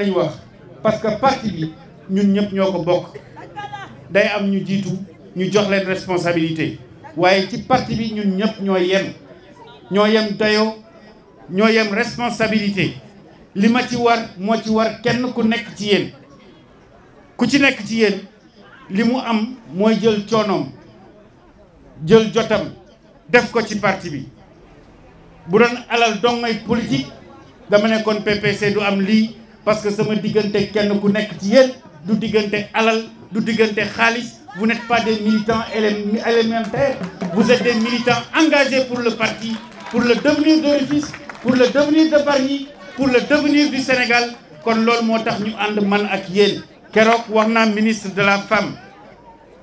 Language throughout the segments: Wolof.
nañ wax parce que parti bi ñun ñëpp ñoo ko bokk day am ñu jiitu ñu jox leen responsabilité waaye ci parti bi ñun ñëpp ñoo yem ñoo yem dayoo ñoo yem responsabilité li ma ci war moo ci war kenn ku nekk ci yéen ku ci nekk ci yéen li mu am mooy jël coonoom jël jotam def ko ci parti bi bu doon alal dongay politique dama ne kon PPC am lii parce que sama diggante kenn ku nekk ci yeen du diggante alal du diggante khalis vous n'êtes pas des militants élémentaires vous êtes des militants engagés pour le parti pour le devenir de Rufisque pour le devenir de Bargny pour le devenir du Sénégal kon lool motax ñu and man ak yeen kérok waxna ministre de la femme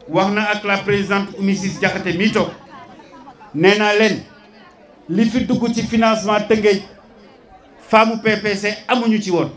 waxna ak la présidente Oumy Diakhaté mii néna nee li fi dugg ci financement Tëngéej femme PPC amuñu ci woon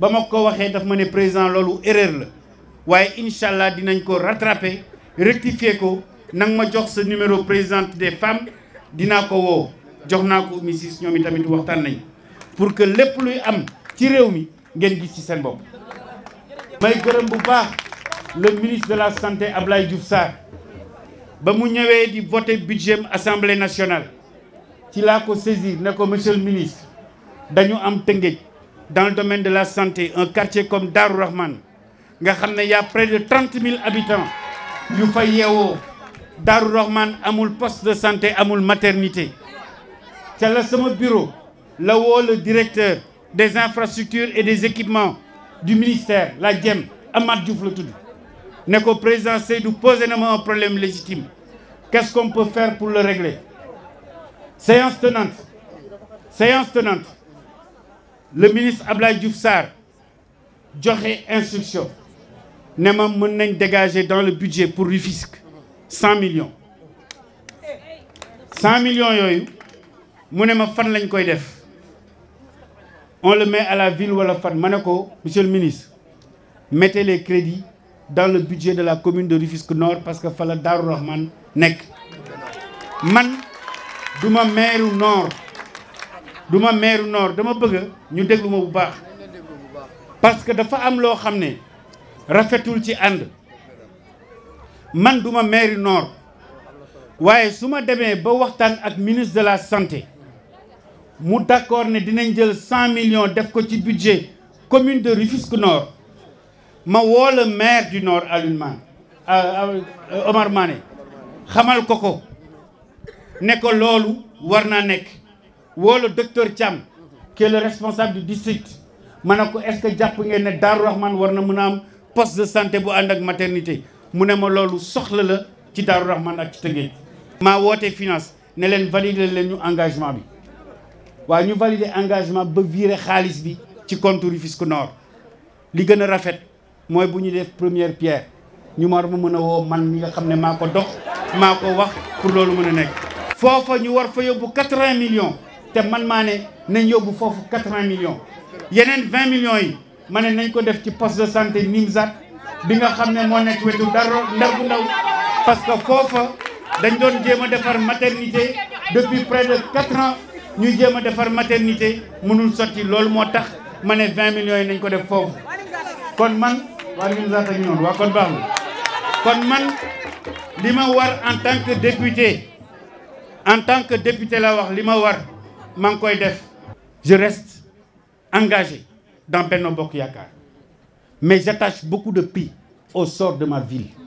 ba ma ko waxee daf mané président lolou erreur la waye inshallah dinañ ko rattraper rectifier ko nang ma jox ce numéro présidente des femmes dina ko wo jox naa ko misis ñoom itamit waxtaan nañ pour que lepp luy am ci réew mi ngeen gis ci sen bop may gërëm bu baax le ministre de la santé Ablaye Diouf Sarr ba mu ñëwé di voter budget assemblée nationale ci la ko saisir ne monsieur le ministre dañu am tëngëj dans le domaine de la santé, un quartier comme Darou Rahman, il y a près de 30 000 habitants. Darou Rahman a un poste de santé, une maternité. C'est là bureau, là où le directeur des infrastructures et des équipements du ministère, la GEM, Amad Diouf le Nous président Seydou poser un problème légitime. Qu'est-ce qu'on peut faire pour le régler Séance tenante. Séance tenante le ministre Abdoulaye Diouf Sar une instruction nous dégager dans le budget pour Rufisque 100 millions 100 millions yoyu, mu faire fan on le met à la ville où à la femme ko monsieur le ministre mettez les crédits dans le budget de la commune de Rufisque Nord parce que faut la nek. Rahman man duma maire Nord du le maire Nord dama bëgg ñu déglu ma bu baax parce que dafa am lo xamné je ci le man du maire Nord waye suma je ba ministre de la santé mu d'accord ne 100 millions def budget commune de Rufisque Nord ma suis le maire du Nord nord. Euh, Omar Mané xamal Koko, ko ko maire woo docteur Cham qui est le responsable du district ma ne ko est-ce que jàpp ngeen ne Darou Rahman poste de santé bu ànd ak maternité mu ne ma loolu soxla la ci Darou Rahman ak ci Tëngéej. maa woote finance ne valider leen ñu engagement bi waaye ñu valider engagement ba virer xaalis bi ci compte Rufisque Nord li gën a rafet mooy bu ñu def première pierre ñu war ma mën a woo man mi nga xam ne maa ko dox maa ko wax pour loolu mën a nekk. foofa ñu war fa yóbbu 80 millions te man mané nañ yobbu fofu 80 millions yenen 20 millions yi mané nañ ko def ci poste de santé nimzat bi nga xamné mo nek wetu daro ndar bu ndaw parce que fofu dañ doon jema défar maternité depuis près de 4 ans ñu jema défar maternité mënul sorti lool motax mané 20 millions yi nañ ko def fofu kon man Wa ñu zaat ak ñoon wa kon bang? kon man lima war en tant que député en tant que député la wax lima war Manko je reste engagé dans Benno mais j'attache beaucoup de pi au sort de ma ville